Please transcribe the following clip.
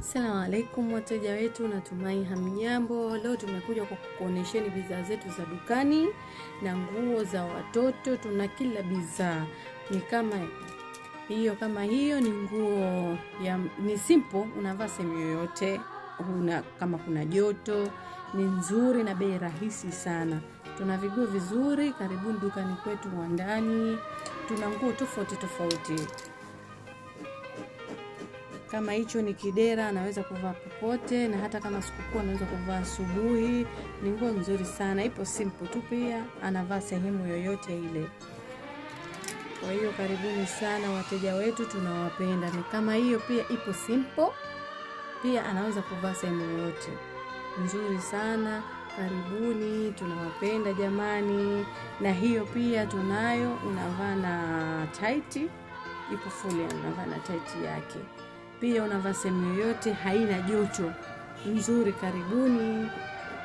Salamu alaikum wateja wetu, natumai hamjambo. Leo tumekuja kwa kukuonesheni bidhaa zetu za dukani na nguo za watoto. Tuna kila bidhaa, ni kama hiyo kama hiyo ni nguo ya ni simple, unavaa sehemu yoyote una, kama kuna joto ni nzuri na bei rahisi sana. Tuna viguo vizuri, karibuni dukani kwetu wa ndani. Tuna nguo tofauti tofauti. Kama hicho ni kidera, anaweza kuvaa popote, na hata kama sikukuu anaweza kuvaa asubuhi. Ni nguo nzuri sana, ipo simple tu, pia anavaa sehemu yoyote ile. Kwa hiyo karibuni sana wateja wetu, tunawapenda. Ni kama hiyo pia ipo simple, pia anaweza kuvaa sehemu yoyote, nzuri sana. Karibuni, tunawapenda jamani. Na hiyo pia tunayo, unavaa na tight, ipo full, unavaa na tight yake. Pia unavaa sehemu yoyote haina joto nzuri. Karibuni.